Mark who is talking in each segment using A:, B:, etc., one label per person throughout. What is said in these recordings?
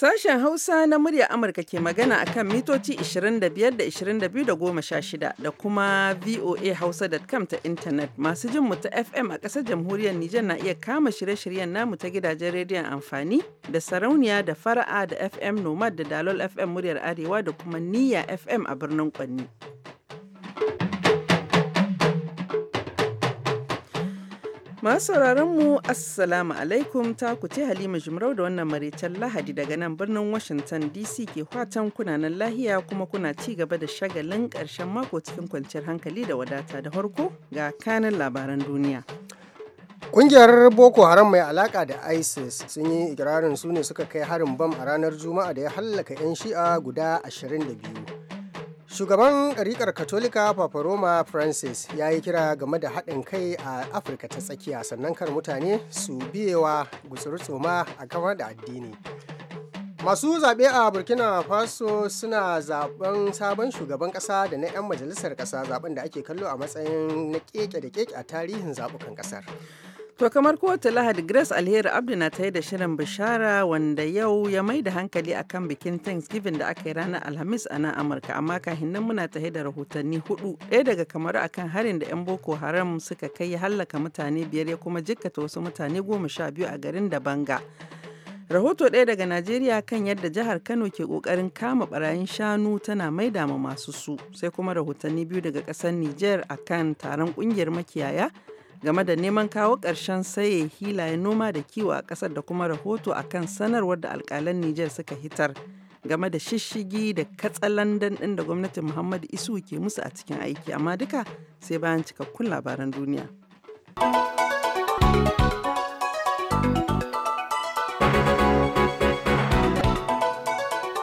A: Sashen Hausa na murya Amurka ke magana a kan mitoci 25 da 22 da 16 da kuma voa Hausa.com ta intanet masu jin mu ta FM a ƙasar jamhuriyar Nijar na iya kama shirye-shiryen namu ta gidajen rediyon amfani da sarauniya da fara'a da FM Nomad da Dalol FM muryar Arewa da kuma Niyya FM a birnin Kwanni. Masu mu Assalamu alaikum ta ce Halima jimarau da wannan maraicen Lahadi daga nan birnin Washington DC ke fatan kunanan lahiya kuma kuna ci gaba da shagalin karshen mako cikin kwanciyar hankali da wadata da harko ga kanin labaran duniya.
B: Ƙungiyar Boko Haram mai alaka da ISIS sun yi ikirarin su ne suka kai harin bam a ranar Juma'a da ya hallaka 'yan shi'a guda 22. Shugaban ɗariƙar Katolika Papa Roma Francis ya yi kira game da haɗin kai a Afirka ta tsakiya sannan kar mutane su biyewa gusuru tsoma a kamar da addini. Masu zaɓe a Burkina Faso suna zaɓen sabon shugaban ƙasa da na 'yan majalisar ƙasa zaɓen da ake kallo a matsayin
A: na keke da keke a tarihin zaɓukan ƙasar. To kamar kowace Lahadi Grace Alheri Abdu na ta yi da shirin bishara wanda yau ya mai da hankali akan bikin Thanksgiving da aka yi ranar Alhamis a nan Amurka amma kahin nan muna ta da rahotanni hudu ɗaya daga kamar akan harin da 'yan Boko Haram suka kai ya hallaka mutane biyar ya kuma jikkata wasu mutane goma sha biyu a garin da banga. Rahoto ɗaya daga Najeriya kan yadda jihar Kano ke ƙoƙarin kama ɓarayin shanu tana maida ma masu su sai kuma rahotanni biyu daga ƙasar Nijar akan taron ƙungiyar makiyaya game da neman kawo ƙarshen saye hilayen noma da kiwo a ƙasar da kuma rahoto a kan sanarwar da alƙalan Nijar suka hitar game da shishigi da katsalandan ɗin da gwamnatin Muhammadu Isu ke musu a cikin aiki amma duka sai bayan cikakkun labaran duniya.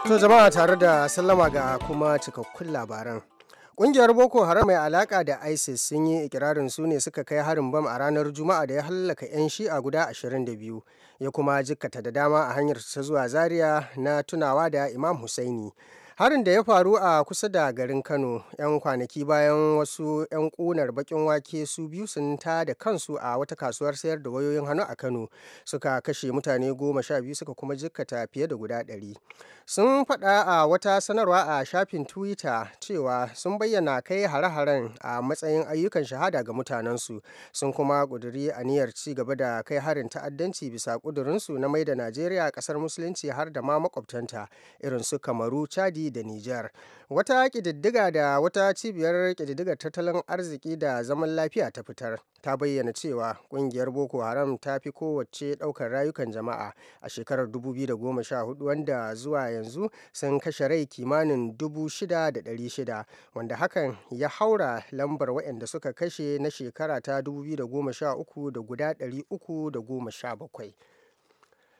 A: To jama'a tare da
B: sallama ga kuma cikakkun labaran. Ƙungiyar Boko Haram mai alaƙa da ISIS sun yi ikirarin su ne suka kai harin bam a ranar Juma'a da ya hallaka 'yan shi'a guda 22 ya kuma jikkata da dama a hanyar ta zuwa Zaria na tunawa da Imam Hussaini. harin da ya faru a kusa da garin kano 'yan kwanaki bayan wasu 'yan kunar bakin wake su biyu sun ta da kansu a wata kasuwar sayar da wayoyin hannu a kano suka kashe mutane goma sha biyu suka kuma jikkata fiye da guda ɗari sun faɗa a wata sanarwa a shafin twitter cewa sun bayyana kai hare-haren a matsayin ayyukan shahada ga mutanensu sun kuma ƙuduri aniyar ci gaba da kai harin ta'addanci bisa ƙudurinsu na mai da najeriya ƙasar musulunci har da ma makwabtanta irin su kamaru chadi da Nijar. Wata ƙididdiga da wata cibiyar ƙididdigar tattalin arziki da zaman lafiya ta fitar ta bayyana cewa ƙungiyar Boko Haram ta fi kowace ɗaukar rayukan jama'a a shekarar 2014 wanda zuwa yanzu sun kashe rai kimanin 6,600 wanda hakan ya haura lambar waɗanda suka kashe na shekara ta 2013 da guda 317.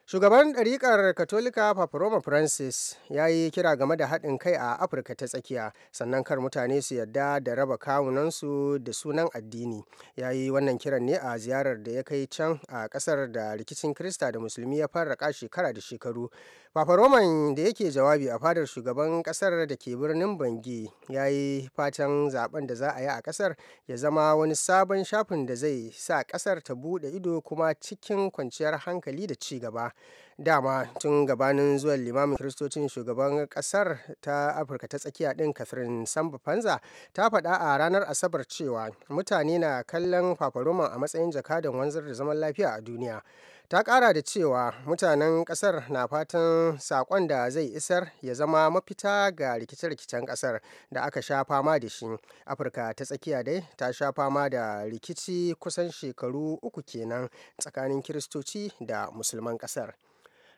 B: shugaban ɗariƙar katolika papa roma francis ya yi kira game da haɗin kai a afirka ta tsakiya sannan kar mutane su yarda da raba kawunansu da sunan addini ya yi wannan kiran ne a ziyarar da ya kai can a ƙasar da rikicin krista da musulmi ya fara shekara da shekaru Papa Roman da yake jawabi a fadar shugaban kasar da ke birnin Bangi ya yi fatan zaben da za a yi a kasar ya zama wani sabon shafin da zai sa kasar ta bude ido kuma cikin kwanciyar hankali da ci gaba. Dama tun gabanin zuwan limamin kiristocin shugaban kasar ta Afirka ta tsakiya din Kafirin Samba Panza ta faɗa a ranar Asabar cewa mutane na kallon Papa Roman a matsayin jakadan wanzar da zaman lafiya a duniya. ta kara da cewa mutanen kasar na fatan sakon da zai isar ya zama mafita ga rikice-rikicen kasar da aka sha fama da shi afirka ta tsakiya dai ta sha fama da rikici kusan shekaru uku kenan tsakanin kiristoci da musulman kasar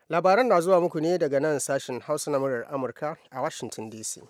B: labaran na zuwa muku ne daga nan sashen hausa na murar amurka a washington dc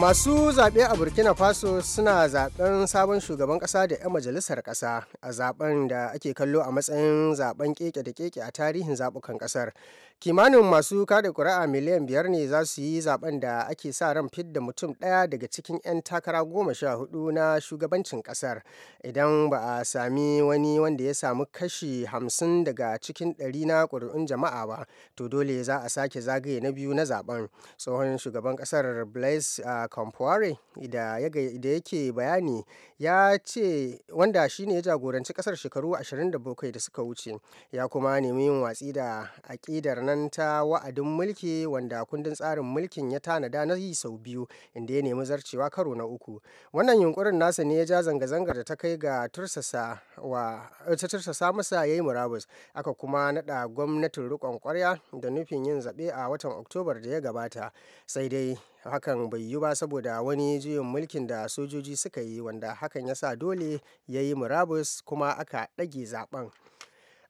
B: masu zaɓe a burkina faso suna zaɓen sabon shugaban ƙasa da 'yan majalisar ƙasa a zaɓen da ake kallo a matsayin zaɓen keke da keke a tarihin zaɓukan ƙasar kimanin masu kada ƙuri'a miliyan biyar ne za su yi zaɓen da ake sa ran fidda mutum ɗaya daga cikin 'yan takara goma sha hudu na shugabancin ƙasar idan ba a sami wani wanda ya samu kashi hamsin daga cikin ɗari na ƙuri'un jama'a ba to dole za a sake zagaye na biyu na zaɓen tsohon shugaban ƙasar blaise ah, kampuare da yake bayani ya ce wanda shi ne ya jagoranci kasar shekaru 27 da suka wuce ya kuma nemi yin watsi da aƙidar nan ta wa'adin mulki wanda kundin tsarin mulkin ya tanada na yi sau biyu inda ya nemi zarcewa karo na uku wannan yunkurin nasa ne ya ja zanga-zangar da ta kai ga tursasa masa ya yi murabus aka kuma naɗa gwamnatin riƙon ƙwarya da nufin yin zaɓe a watan oktobar da ya gabata sai dai hakan bai yi ba saboda wani juyin mulkin da sojoji suka yi wanda hakan ya sa dole ya yi murabus kuma aka ɗage zaben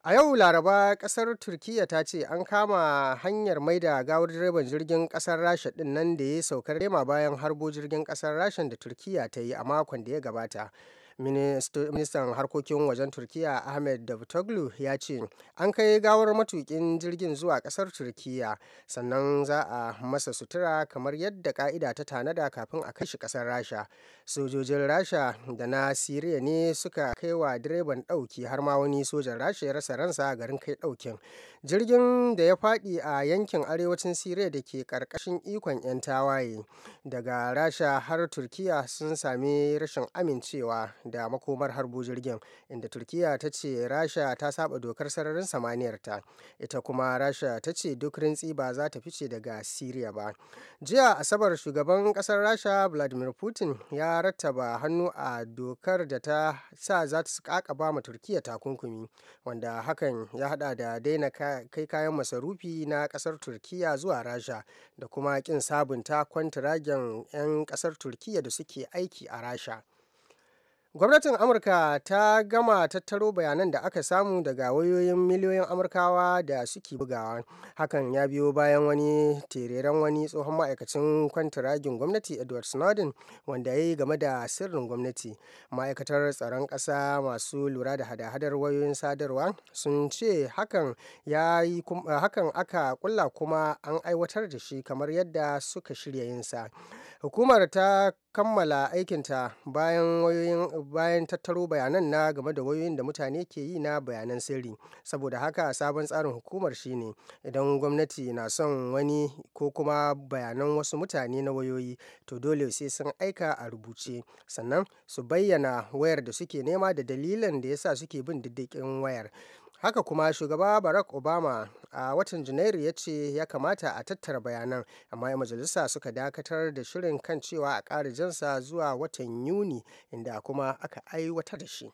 B: a yau laraba kasar turkiya ta ce an kama hanyar mai da gawar direban jirgin kasar rasha din nan da ya saukar rema bayan harbo jirgin kasar rasha da turkiya ta yi a makon da ya gabata ministan harkokin wajen turkiya ahmed davutoglu ya ce an kai gawar matukin jirgin zuwa kasar turkiya sannan za a masa sutura kamar yadda ka'ida ta tanada kafin a kai shi kasar rasha sojojin rasha da na siriya ne suka kai wa direban ɗauki har ma wani sojan rasha ya rasa ransa garin kai ɗaukin jirgin da ya faɗi a yankin arewacin siriya da ke ƙarƙashin ikon 'yan tawaye daga rasha har turkiya sun sami rashin amincewa da makomar harbo jirgin inda turkiya ta ce rasha ta saba dokar sararin samaniyar ta ita kuma rasha ta ce duk rintsi ba za ta fice daga siriya ba jiya asabar shugaban kasar rasha vladimir putin ya rattaba hannu a dokar da ta sa za ta kakaba ma turkiya takunkumi wanda hakan ya hada da daina kai kayan masarufi na kasar turkiya zuwa rasha da kuma kin sabunta kwantiragen 'yan kasar turkiya da suke aiki a rasha gwamnatin amurka ta gama tattaro bayanan da aka samu daga wayoyin miliyoyin amurkawa da suke bugawa hakan ya biyo bayan wani tereren wani tsohon ma'aikacin kwantiragin gwamnati edward snowden wanda ya yi game da sirrin gwamnati ma'aikatar tsaron ƙasa masu lura da hada-hadar wayoyin sadarwa sun ce hakan aka kulla kuma an aiwatar da shi kamar yadda suka shirya yinsa hukumar ta kammala aikinta bayan wayoyin bayan tattaro bayanan na game da wayoyin da mutane ke yi na bayanan sirri saboda haka sabon tsarin hukumar shine idan gwamnati na son wani ko kuma bayanan wasu mutane na wayoyi to dole sai sun aika a rubuce sannan su bayyana wayar da suke nema da dalilin da yasa suke bin diddikin wayar haka kuma shugaba barack obama a watan janairu ya ce ya kamata a tattara bayanan amma ya majalisa suka dakatar da shirin kan cewa a ƙara jansa zuwa watan yuni inda kuma aka aiwatar da shi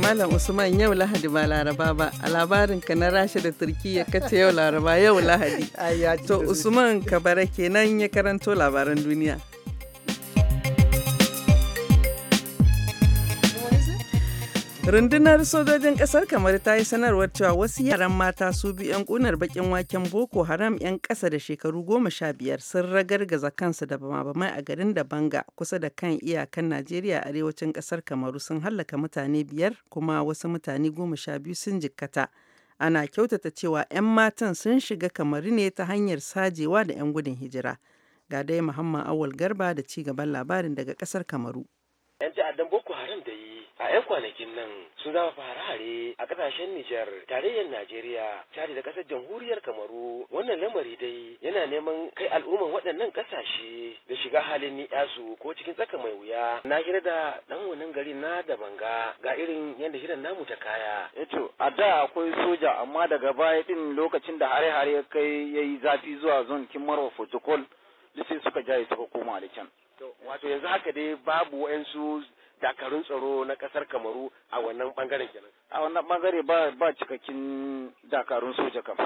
A: Malam Usman yau Lahadi ba Laraba ba a labarin ka na Rasha da Turkiyya kace yau Laraba yau Lahadi. To Usman Kabara kenan ya karanto labaran duniya. Rundunar sojojin kasar kamar ta yi sanarwar cewa wasu yaran mata su bi 'yan kunar bakin waken Boko Haram 'yan kasa da shekaru goma sha biyar sun ragargaza kansu da bama a garin da banga kusa da kan iyakan Najeriya arewacin kasar Kamaru sun hallaka mutane biyar kuma wasu mutane goma sha biyu sun jikkata. Ana kyautata cewa 'yan matan sun shiga Kamaru ne ta hanyar sajewa da 'yan gudun hijira. Ga dai Muhammad Awal Garba da ci gaban labarin daga kasar Kamaru.
C: a 'yan kwanakin nan sun zama fare-hare a kasashen Nijar, tarayyar Najeriya, tare da kasar jamhuriyar Kamaru. Wannan lamari dai yana neman kai al'umman waɗannan kasashe da shiga halin ni yasu ko cikin tsaka mai wuya. Na hira da 'dan wannan gari na da banga ga irin yadda hirar namu ta kaya. Eto, eh a da akwai soja amma daga baya ɗin lokacin da hare-hare kai yayi zafi zuwa zon Kimarwa Protocol, sai suka jaye suka koma da can. wato yanzu haka dai babu wa'yansu dakarun tsaro na kasar kamaru a wannan bangaren kenan a wannan bangare ba ba cikakkin dakarun soja kam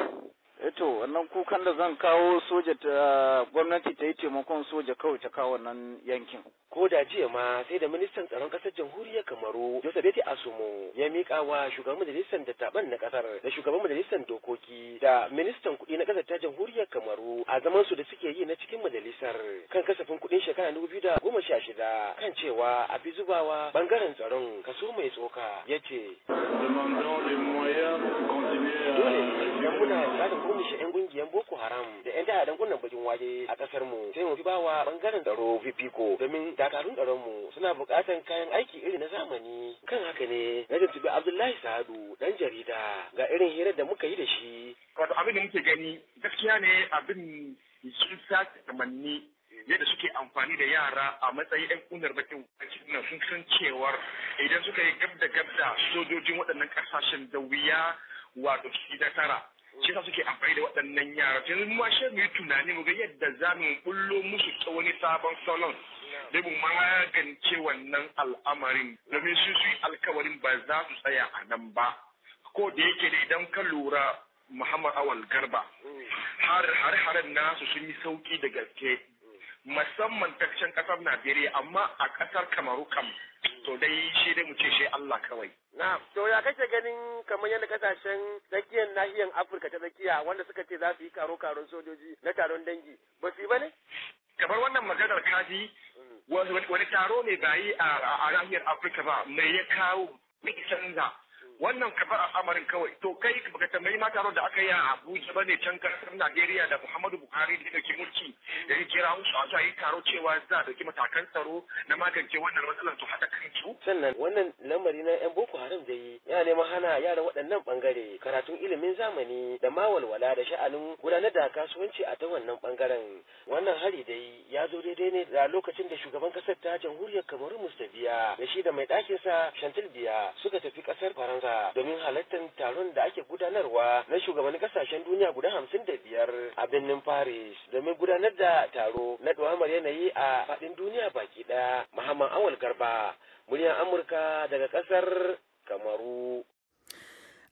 C: eh to wannan kukan da zan kawo soja ta gwamnati ta yi taimakon soja kawai ta kawo wannan yankin ko da jiya ma sai da ministan tsaron kasar jamhuriyar kamaru joseph asumo ya mika wa shugaban majalisar dattaban na kasar da shugaban majalisar dokoki da ministan kuɗi na kasar ta jamhuriyar kamaru a zaman su da suke yi na cikin majalisar kan kasafin kuɗin shekara dubu biyu da goma sha shida kan cewa a fi zubawa bangaren tsaron kaso mai tsoka ya ce. yankunan za ta kurmushe 'yan kungiyan Boko Haram da 'yan ta'addan kunnan bakin waje a kasar mu sai mu fi bawa bangaren tsaro fifiko domin dakarun tsaron mu suna buƙatan kayan aiki irin na zamani kan haka ne na tuntubi Abdullahi Sa'adu
D: dan jarida ga irin hirar da muka yi da shi. Wato abin da muke gani gaskiya ne abin sun sace tamanni yadda suke amfani da yara a matsayin 'yan kunar bakin nan sun san cewar idan suka yi gab da gab da sojojin waɗannan ƙasashen da wuya wato da tara shi sa suke amfani da waɗannan yara yanzu mu ma shi mu yi tunani mu ga yadda za mu bullo musu ta sabon salon dai mu magance wannan al'amarin domin su su yi alkawarin ba za su tsaya a nan ba ko da yake da idan ka lura Muhammad Awal Garba mm. har har haren nasu sun yi sauki da gaske musamman ta kasar Najeriya amma a kasar Kamaru kam to dai shi dai mu ce shi Allah kawai.
C: Na, to ya kake ganin kamar yadda kasashen tsakiyar nahiyar Afirka ta tsakiya wanda suka ce za su yi karo-karon sojoji na taron dangi ba su yi ba ne?
D: Kamar wannan maganar kaji mm. wani taro ne ba yi a nahiyar Afirka ba mai ya kawo mai canza wannan karɓar al'amarin kawai to kai baka tambayi ma taron da aka yi a Abuja ba ne can kasar Najeriya da Muhammadu Buhari da ke mulki da ya kira musu a yi taro cewa za a dauki matakan tsaro na magance wannan matsalar su haɗa
C: kansu. Sannan wannan lamari na 'yan Boko Haram zai yi yana neman hana yara waɗannan ɓangare karatun ilimin zamani da ma walwala da sha'anin gudanar da kasuwanci a ta wannan ɓangaren. Wannan hari dai ya zo daidai ne da lokacin da shugaban ƙasar ta jamhuriyar Kamaru Mustabiya da shi da mai ɗakinsa shantil Biya suka tafi ƙasar Faransa Amurka domin halartar taron da ake gudanarwa na shugabannin kasashen duniya guda hamsin da biyar a birnin Paris domin gudanar da taro na ɗawamar yanayi a faɗin duniya baki ɗaya. Muhammad Awal Garba, muryar Amurka daga ƙasar Kamaru.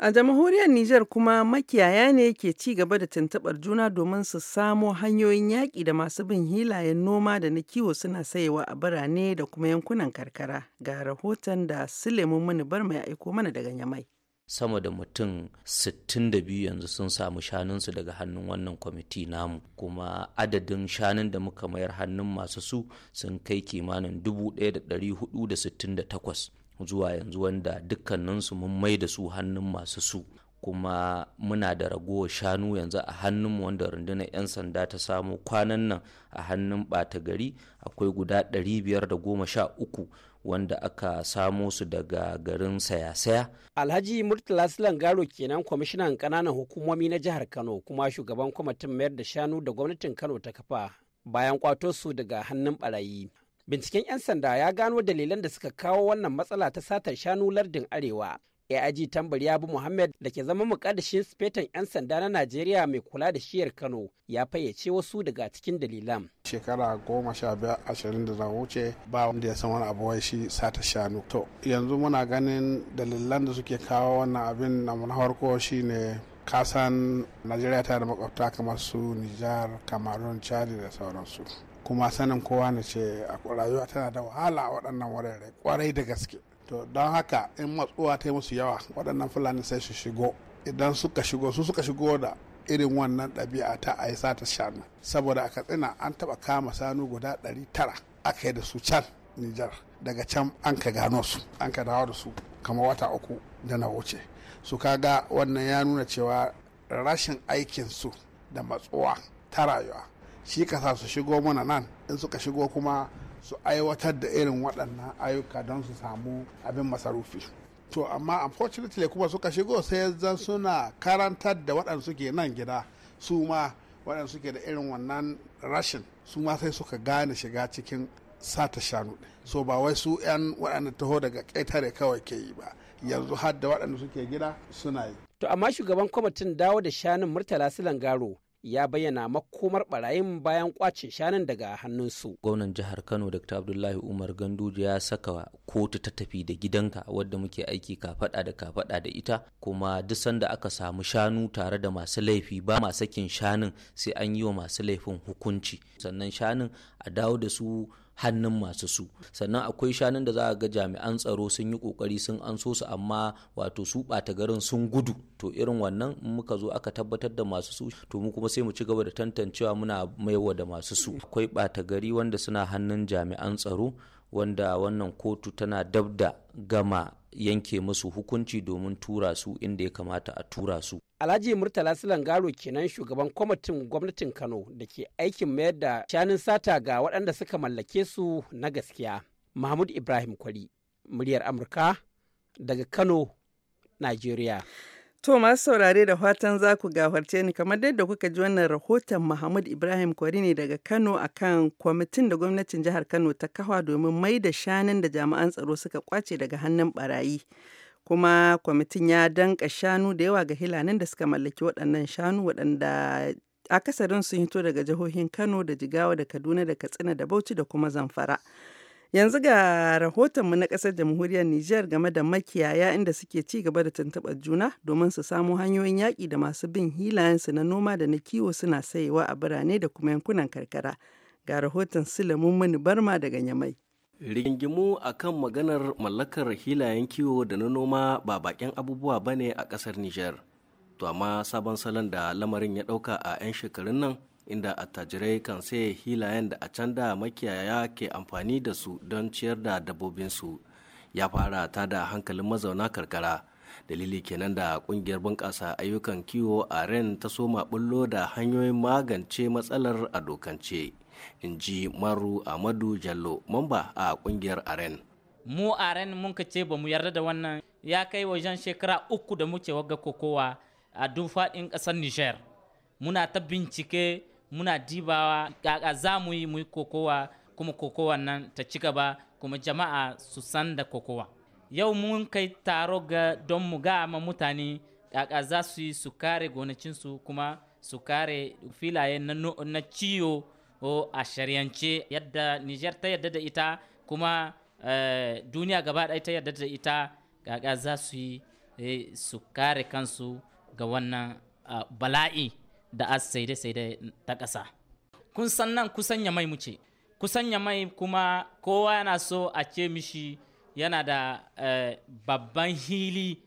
A: A jamhuriyar Nijar kuma makiyaya ne ke ci gaba da tuntuɓar juna domin su samo hanyoyin yaƙi da masu bin hilayen noma da na kiwo suna sayewa a birane da kuma yankunan karkara. Ga rahoton da Suleiman mani Barma ya aiko mana daga Yamai. sama
E: da mutum 62 yanzu sun samu shanunsu daga hannun wannan kwamiti namu kuma adadin shanun da muka mayar hannun masu su sun kai kimanin 1468 zuwa yanzu wanda dukkaninsu mun mai da su hannun masu su kuma muna da ragowar shanu yanzu a hannunmu wanda rundunar 'yan sanda ta samu kwanan nan a hannun bata gari akwai guda 513 wanda aka samo su daga garin saya-saya.
F: Alhaji Murtala Silan Garo kenan kwamishinan kananan hukumomi na jihar Kano kuma shugaban kwamitin mayar da shanu da gwamnatin Kano ta kafa bayan kwato su daga hannun barayi. Binciken 'yan sanda ya gano dalilan da suka kawo wannan matsala ta satar shanu lardin Arewa. AIG tambari ya bi Muhammad da ke zama mukaddashin spetan 'yan sanda na Najeriya mai kula da shiyar Kano ya fayyace
G: wasu daga cikin dalilan. Shekara goma sha biyar ashirin da na wuce ba wanda ya san wani abu wai shi sata shanu. To yanzu muna ganin dalilan da suke kawo wannan abin na shi shine kasan Najeriya ta da makwabta kamar su Nijar, Kamarun, chadi da sauransu. kuma sanin kowa na ce rayuwa tana da wahala a waɗannan wurare kwarai da gaske to don haka in matsuwa ta yi musu yawa waɗannan fulani sai su shigo idan suka shigo su suka shigo da irin wannan ɗabi'a ta a yi sata shanu saboda a katsina an taɓa kama sanu guda ɗari tara aka yi da su can nijar daga can an ka gano su an ka dawo da su kamar wata uku da na wuce su ga wannan ya nuna cewa rashin aikin su da matsuwa ta rayuwa shi kasa su shigo mana nan in suka shigo kuma su aiwatar da irin waɗannan ayyuka don su samu abin masarufi to amma unfortunately kuma suka shigo sai zan suna karantar da waɗanda suke nan gida su ma waɗanda suke da irin wannan rashin su ma sai suka gane shiga cikin sata shanu so ba wai su 'yan waɗanda taho daga ƙetare kawai ke yi ba yanzu har da waɗanda suke gida suna yi to amma shugaban kwamitin dawo da shanun murtala silangaro ya bayyana makomar
F: barayin bayan kwace shanun daga hannunsu.
E: Gwamnan jihar Kano Dr. Abdullahi Umar Ganduje ya saka kotu ta tafi da gidanka wadda muke aiki kafada da kafada da ita kuma duk sanda aka samu shanu tare da masu laifi ba ma sakin shanun sai an yi wa masu laifin hukunci sannan shanun a dawo da su hannun masu su sannan akwai shanun da za a ga jami'an tsaro sun yi kokari sun an so su amma wato su ɓata garin sun gudu to irin wannan muka zo aka tabbatar da masu su to mu kuma sai mu ci gaba da tantancewa muna maiwa da masu su akwai ɓata gari wanda suna hannun jami'an tsaro wanda wannan kotu tana dab da gama yanke musu hukunci domin tura su inda ya kamata a tura su.
F: Alhaji Murtala Silangaro kenan shugaban kwamitin gwamnatin Kano da ke aikin mayar da shanun sata ga waɗanda suka mallake su na gaskiya.
A: Mahmud Ibrahim Kwari, muryar Amurka daga Kano, Najeriya. To masu saurare da fatan za ku gafarce ni kamar yadda kuka ji wannan rahoton Mahmud Ibrahim Kwari ne daga Kano akan kwamitin da gwamnatin jihar Kano ta kawa domin mai da shanun da jami'an tsaro suka kwace daga hannun barayi. Kuma kwamitin ya danka shanu da yawa ga hilanin da suka mallaki waɗannan shanu waɗanda akasarin sun hito daga jihohin Kano da Jigawa da Kaduna da Katsina da Bauchi da kuma Zamfara. Yanzu ga rahotonmu na ƙasar jamhuriyar Nijar game da makiyaya inda suke ci gaba da tuntuɓar juna domin su samo hanyoyin yaƙi da masu bin hilayensu na noma da na kiwo suna sayewa a birane da kuma yankunan karkara. Ga rahoton silamun mini Barma daga Nyamai.
F: rigingimu akan maganar mallakar hilayen kiwo da na noma ba bakin abubuwa bane a ƙasar Nijar. To amma sabon salon da lamarin ya ɗauka a 'yan shekarun nan inda attajirai kan saye hilayen da a can da makiyaya ke amfani da su don ciyar da dabbobinsu ya fara ta da hankalin mazauna karkara dalili kenan da kungiyar bunƙasa ayyukan kiwo a ren ta soma bullo da hanyoyin magance matsalar a dokance in ji maru amadu jallo mamba a kungiyar aren
H: mu aren mun ka ce ba mu yarda da wannan ya kai wajen shekara uku da muke waga kokowa a duk faɗin ƙasar niger muna ta bincike muna dibawa kaka za mu yi muyi kokowa kuma kokowa nan ta ci gaba kuma jama'a su san da kokowa yau mun kai taro ga don mu ga ma mutane kaka za su yi su kare gonakinsu kuma su kare filaye na ciyo a shari'ance yadda niger ta yadda da ita kuma eh, duniya gaba ɗaya ta yadda da ita za su yi eh, su kare kansu ga wannan ah, bala'i da as saide saide ta ƙasa kun san nan kusan ya mai muce kusan ya mai kuma kowa yana so a ce mishi yana da eh, babban hili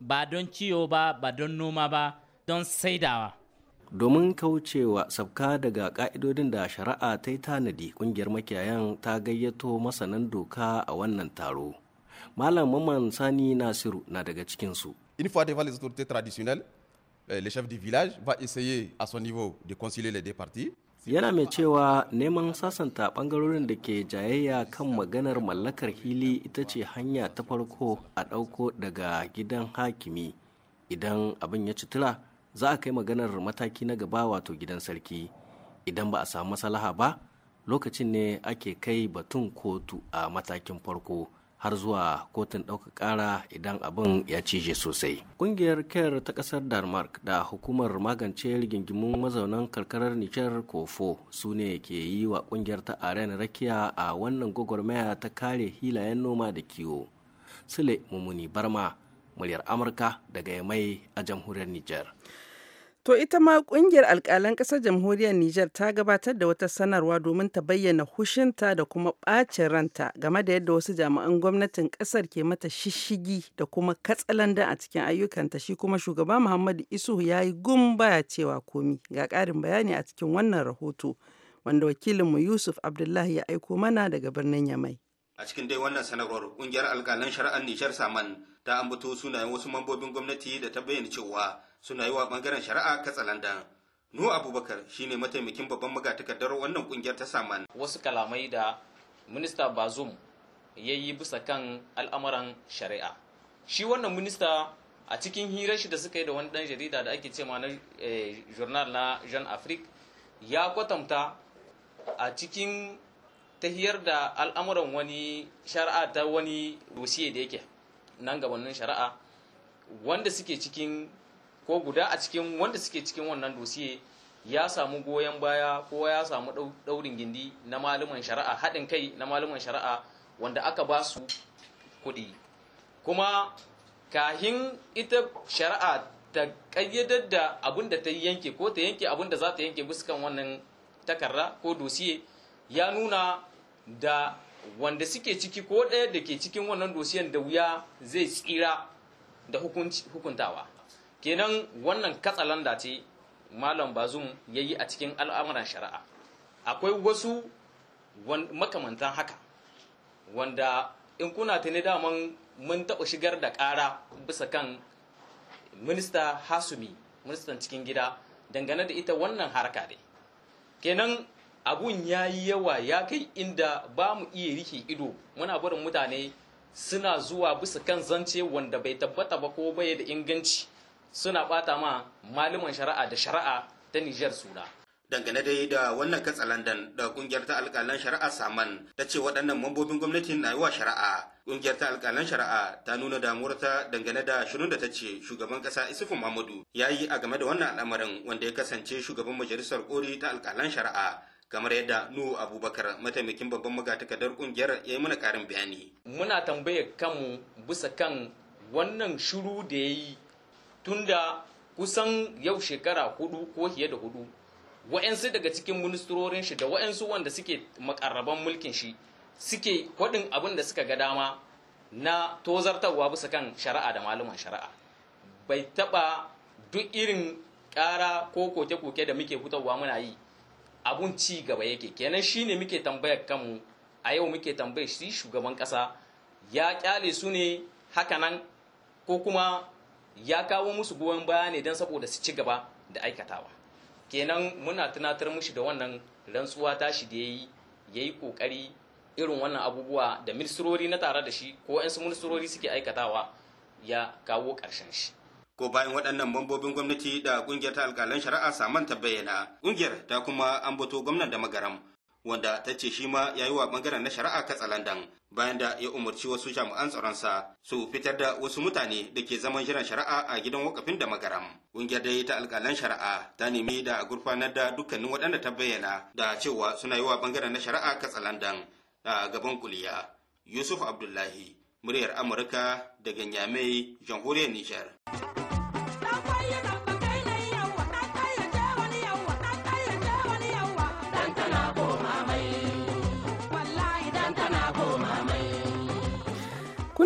H: ba don ciwo ba ba don noma ba don saidawa
F: domin kaucewa sabka daga ka'idodin da shari'a ta yi tanadi ƙungiyar makiyayan ta gayyato masanan doka a wannan taro malam maman sani nasiru na daga cikinsu une fois devant les
I: autorités traditionnelles Euh, le chef du village va essayer à son niveau de concilier les deux parties.
F: Yana mai cewa neman sasanta bangarorin da ke jayayya kan maganar mallakar hili ita ce hanya ta farko a ɗauko daga gidan hakimi. Idan abin ya citira za a kai maganar mataki na gaba wato gidan sarki. Idan ba a samu masalaha ba, lokacin ne ake kai batun kotu a matakin farko. har zuwa kotun ɗaukar ƙara idan abin ya cije sosai. Ƙungiyar Care ta ƙasar Denmark da hukumar magance rigingimun mazaunan karkarar Nijar Kofo su ne ke yi wa ƙungiyar ta Aren Rakiya a wannan gwagwarmaya ta kare hilayen noma da kiwo. Sule Mumuni Barma, muryar Amurka daga Yamai
A: a jamhuriyar Nijar. To ita ma kungiyar alkalan ƙasar jamhuriyar Nijar ta gabatar da wata sanarwa domin ta bayyana hushinta da kuma ɓacin ranta game da yadda wasu jami'an gwamnatin ƙasar ke mata shishigi da kuma katsalandan a cikin ayyukanta shi kuma shugaba Muhammadu Isuhu ya yi gumba cewa komi ga ƙarin bayani a cikin wannan rahoto wanda wakilinmu Yusuf Abdullahi ya aiko mana daga birnin Yamai.
I: a cikin dai wannan sanarwar kungiyar alkalan shari'ar Nijar saman ta ambato sunayen wasu mambobin gwamnati da ta bayyana cewa suna yi wa bangaren shari'a katsalandan nu abubakar shine mataimakin babban magatakardar wannan kungiyar ta saman wasu kalamai da minista bazum
J: ya yi bisa kan al'amuran shari'a shi wannan minista a cikin hirar shi da suka yi da wani dan jarida da ake cewa na eh, journal na jean afrique ya kwatanta a cikin tahiyar da al'amuran wani shari'a ta wani dosiye da yake nan gabanin shari'a wanda suke cikin ko guda a cikin wanda suke cikin wannan dosiye ya samu goyon baya ko ya samu daurin gindi na malaman shari'a haɗin kai na malaman shari'a wanda aka ba su kuɗi kuma kahin ita shari'a ta ƙayyadar da abin da ta yanke ko ta yanke abin da za ta yanke buskan wannan takarda ko dosiye ya nuna da wanda suke ciki ko ɗaya da ke cikin wannan dosiyen da wuya zai tsira da hukuntawa kenan wannan katsalanda ce malam bazum ya yi a cikin al'amuran shari'a akwai wasu makamantan haka wanda in kuna ta ne daman mun taɓa shigar da ƙara bisa kan minista hasumi ministan cikin gida dangane da ita wannan harka ne kenan abun ya yi yawa ya kai inda ba mu iya rike ido muna barin mutane suna zuwa bisa kan zance wanda bai tabbata ba ko bai da inganci
I: suna bata ma malaman shari'a da shari'a ta Nijar suna. Dangane dai da wannan katsalandan da kungiyar ta alƙalan shari'a saman ta ce waɗannan mambobin gwamnati na yi wa shari'a. Kungiyar ta alƙalan shari'a ta nuna damuwar ta dangane da shirin da ta ce shugaban ƙasa Isufu Mahmudu ya yi a game da wannan al'amarin wanda ya kasance shugaban majalisar kori ta alƙalan shari'a. kamar yadda Nuhu Abubakar mataimakin babban magatakardar kungiyar ya yi mana karin bayani.
J: Muna tambayar kanmu bisa kan wannan shiru da ya yi tunda kusan yau shekara hudu ko fiye da hudu wa'yansu daga cikin ministrorin shi da wa'yansu wanda suke makarraban mulkin shi suke kwadin abin da suka ga dama na tozartarwa bisa kan shari'a da malaman shari'a bai taba duk irin ƙara ko koke-koke da muke hutarwa muna yi abun ci gaba yake kenan shi ne muke tambayar kanmu a yau muke tambayar shi shugaban ƙasa ya kyale su ne hakanan ko kuma ya kawo musu goyon baya ne don saboda su ci gaba da aikatawa kenan muna tunatar mushi da wannan rantsuwa tashi da yayi yayi kokari irin wannan abubuwa da ministrori na tare da shi ko yan su ministrori suke aikatawa
I: ya kawo ƙarshen shi ko bayan waɗannan mambobin gwamnati da ƙungiyar ta alƙalan shari'a saman ta bayyana kungiyar ta kuma ambato gwamnan da magaram wanda ta ce shi ma ya yi wa bangaren na shari'a katsalandan bayan da ya umarci wasu jami'an tsaronsa su fitar da wasu mutane da ke zaman jiran shari'a a gidan wakafin da magaram ƙungiyar da ta alƙalan shari'a ta nemi da gurfanar da dukkanin waɗanda ta bayyana da cewa suna yi wa bangaren na shari'a katsalandan a gaban kuliya yusuf abdullahi muryar amurka daga nyamai jamhuriyar nijar.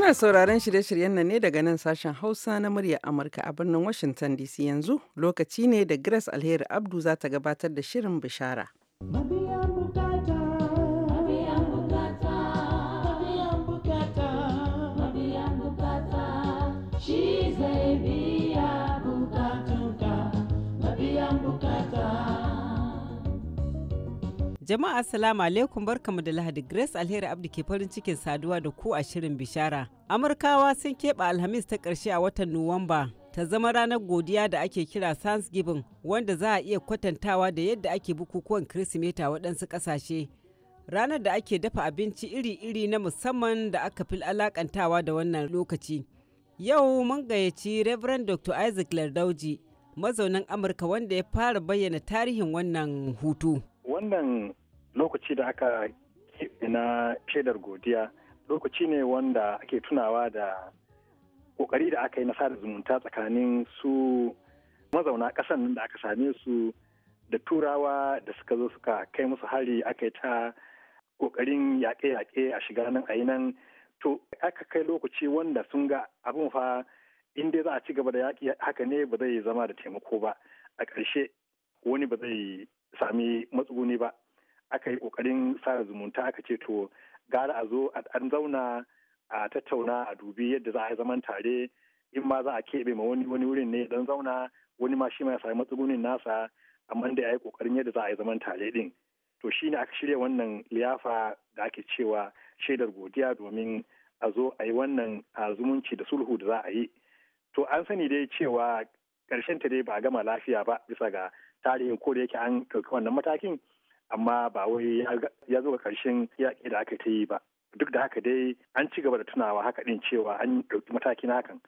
A: Kuna sauraron shirye-shiryen nan ne daga nan sashen Hausa na muryar Amurka a birnin Washington DC yanzu lokaci ne da Grace Alheri Abdu za ta gabatar da shirin bishara.
K: Jama'a Assalamu alaikum barkamu da Lahadi Grace Alheri Abdi ke farin cikin saduwa da ku a shirin bishara. Amurkawa sun keɓe Alhamis ta ƙarshe a watan Nuwamba ta zama ranar godiya da ake kira Thanksgiving wanda za a iya kwatantawa da yadda ake bukukuwan Kirsimeta waɗansu ƙasashe. Ranar da ake dafa abinci iri-iri na musamman da aka fi alakantawa da wannan lokaci. Yau mun gayyaci Reverend Dr. Isaac Lardauji mazaunin Amurka wanda ya fara bayyana tarihin wannan hutu.
L: Wannan lokaci da aka keɓe na shaidar godiya lokaci ne wanda ake tunawa da kokari da aka yi na sada zumunta tsakanin su mazauna ƙasan da aka same su da turawa da suka zo suka kai musu hari aka yi ta kokarin yaƙe-yaƙe a shiga nan a yi nan to aka kai lokaci wanda sun ga abin fa in dai za a ci gaba da yaƙi haka ne ba zai zama da taimako ba a ƙarshe wani ba zai sami matsuguni ba aka yi kokarin sada zumunta aka ce to gara a zo an zauna a tattauna a dubi yadda za a yi zaman tare in ma za a keɓe ma wani wani wurin ne dan zauna wani ma shi ma ya sami matsugunin nasa amma da ya yi kokarin yadda za a yi zaman tare din to shi ne aka shirya wannan liyafa da ake cewa shaidar godiya domin a zo a yi wannan zumunci da sulhu da za a yi to an sani dai cewa ƙarshen ta dai ba a gama lafiya ba bisa ga tarihin ko da yake an ɗauki wannan matakin amma ba wai ya zo ga karshen yaƙi da aka ta yi ba duk da haka dai an ci gaba da tunawa haka din cewa an ɗauki matakin hakan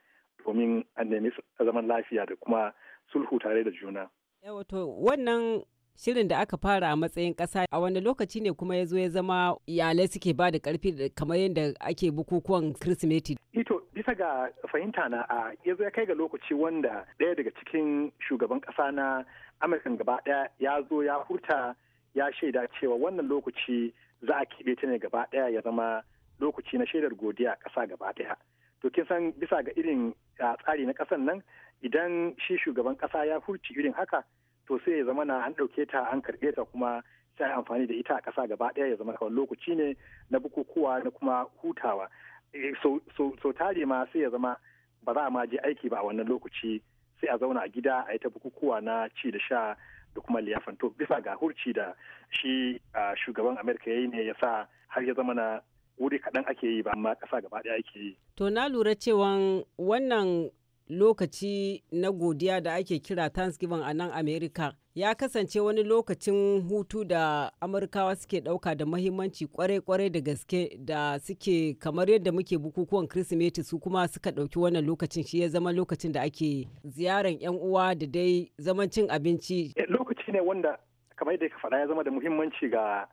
L: domin an nemi zaman lafiya da kuma sulhu tare da juna.
K: wato wannan shirin da aka fara a matsayin ƙasa a wani lokaci ne kuma ya zo ya zama iyalai suke ba da ƙarfi kamar yadda ake bukukuwan kirsimeti. ito eh
L: bisa ga fahimta na a ya zo ya kai ga lokaci wanda ɗaya daga cikin shugaban ƙasa na amurka gaba ɗaya ya zo ya furta. ya shaida cewa wannan lokaci za a keɓe ta ne gaba ɗaya ya zama lokaci na shaidar godiya a ƙasa gaba ɗaya to kin san bisa ga irin tsari na ƙasan nan idan shi shugaban ƙasa ya furci irin haka to sai ya zama na an ɗauke ta an karɓe ta kuma sai amfani da ita a ƙasa gaba ɗaya ya zama kawai lokaci ne na bukukuwa na kuma hutawa e, so tare ma sai ya zama ba za a ma je aiki ba a wannan lokaci sai a zauna a gida a yi ta bukukuwa na ci da sha da kuma liyafan to bisa ga hurci da shi shugaban amerika ya yi ne ya sa har ya zama na wuri kaɗan ake yi ba amma ƙasa gaba ɗaya ake yi
K: to na lura cewa wannan lokaci na godiya da ake kira thanksgiving a nan america ya kasance wani lokacin hutu da amurkawa suke ɗauka da mahimmanci kwarai-kwarai da gaske da suke kamar yadda muke bukukuwan kirsimeti su kuma suka ɗauki wannan lokacin shi ya zama lokacin da ake ziyaran 'yan uwa da dai zaman cin abinci
L: eh, shi ne wanda kamar yadda ka faɗa ya zama da muhimmanci ga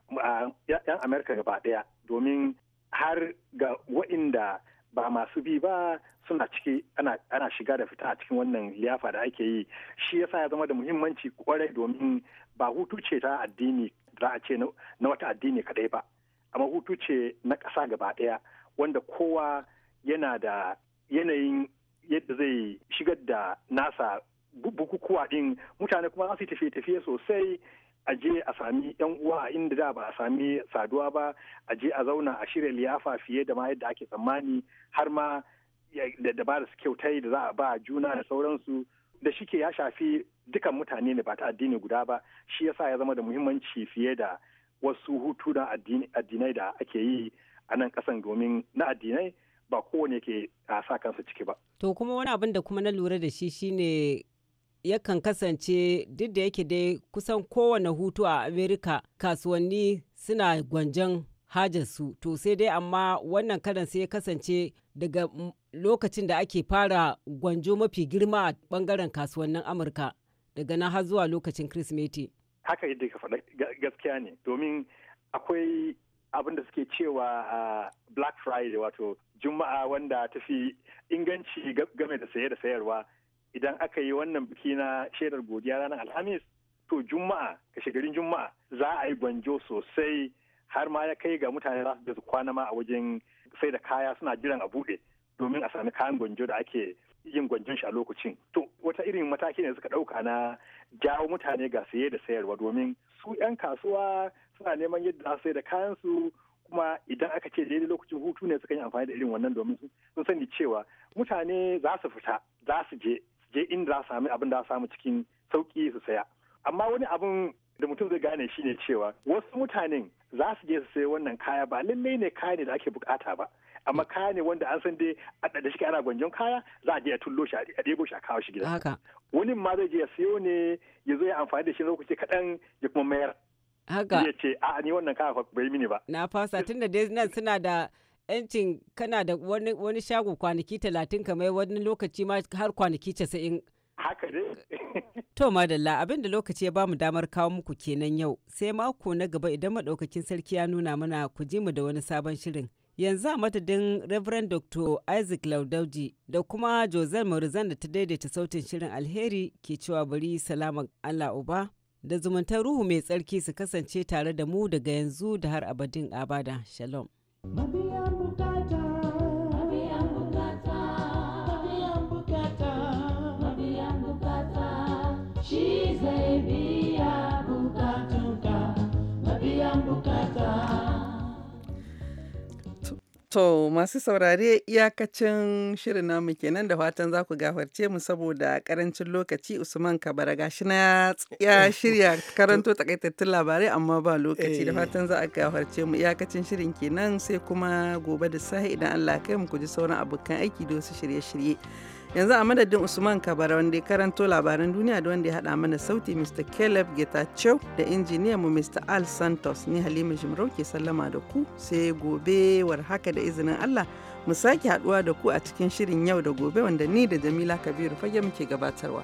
L: 'yan amurka gaba ɗaya domin har ga waɗanda ba masu bi ba suna ciki ana shiga da fita a cikin wannan liyafa da ake yi shi yasa ya zama da muhimmanci kwarai domin ba hutu ce ta addini za a ce na wata addini kadai ba amma hutu ce na ƙasa gaba ɗaya wanda kowa yana da yanayin yadda zai shigar da nasa bukukuwa din mutane kuma za su yi tafiye-tafiye sosai a je a sami yan uwa inda da ba a sami saduwa ba a je a zauna a shirya liyafa fiye da ma yadda ake tsammani har ma da ba su kyautai da za a ba juna da sauransu da shike ya shafi dukan mutane ne ba ta addini guda ba shi yasa ya zama da muhimmanci fiye da wasu hutu na addinai da ake yi a nan kasan domin na addinai ba kowane ke sa kansa
K: ciki ba. To kuma wani abin da kuma na lura da shi shine yakan kasance duk da yake dai kusan kowane hutu a amerika kasuwanni suna gwanjan hajarsu to sai dai amma wannan karan sai ya kasance daga lokacin da ake fara gwanjo mafi girma a bangaren kasuwannin amurka daga na har zuwa lokacin kirsimeti
L: haka yadda ka faɗa gaskiya ne domin akwai abin da suke cewa a black friday wato juma'a wanda ta fi inganci game da saye da sayarwa idan aka yi wannan biki na shaidar godiya ranar alhamis to juma'a shigarin juma'a za a yi gwanjo sosai har ma ya kai ga mutane za su je su kwana ma a wajen sai da kaya suna jiran a buɗe domin a sami kayan gwanjo da ake yin gwanjon shi a lokacin to wata irin mataki ne suka ɗauka na jawo mutane ga saye da sayarwa domin su 'yan kasuwa suna neman yadda za su sai da kayan su kuma idan aka ce daidai lokacin hutu ne suka yi amfani da irin wannan domin sun sani cewa mutane za su fita za su je je inda za sami abin da za samu cikin sauki su saya amma wani abin da mutum zai gane shi ne cewa wasu mutanen za su je su sayi wannan kaya ba lallai ne kaya ne da ake bukata ba amma kaya ne wanda an san dai a da shi ana gwanjon kaya za a je a tullo shi a ɗebo shi a kawo shi gida wani ma zai je ya siyo ne ya zo ya amfani da shi lokaci kaɗan ya kuma mayar haka ya ce a ni wannan kaya bai mini ba
K: na fasa tunda dai nan suna da 'yancin kana da wani, wani shago kwanaki talatin kamar wani lokaci ma har kwanaki casa'in. Haka dai. to madalla abin da lokaci ya bamu damar kawo muku kenan yau sai mako na gaba idan madaukakin sarki ya nuna mana ku ji mu da wani sabon shirin. Yanzu a matadin Reverend Dr. Isaac Laudauji da kuma Josel Marizan da ta daidaita sautin shirin alheri ke cewa bari salaman Allah Uba. da zumuntar ruhu mai tsarki su kasance tare da mu daga yanzu da har abadin abada shalom.
A: To masu saurare iyakacin shirin namu kenan da fatan za ku gafarce mu saboda karancin lokaci Usman Kabara gashi na ya shirya karanto takaitattun labarai amma ba lokaci da eh. fatan za a gafarce mu iyakacin shirin kenan sai kuma gobe da sahi idan Allah kai mu ku ji sauran abokan aiki da su shirye-shirye. yanzu a madadin usman kabara wanda ya karanto labaran duniya da wanda ya hada mana sauti mr caleb getachew da injiniyan mu mr al santos ni halima jimarau ke sallama da ku sai gobe war haka da izinin allah mu sake haduwa da ku a cikin shirin yau da gobe wanda ni da jamila kabiru fage muke gabatarwa.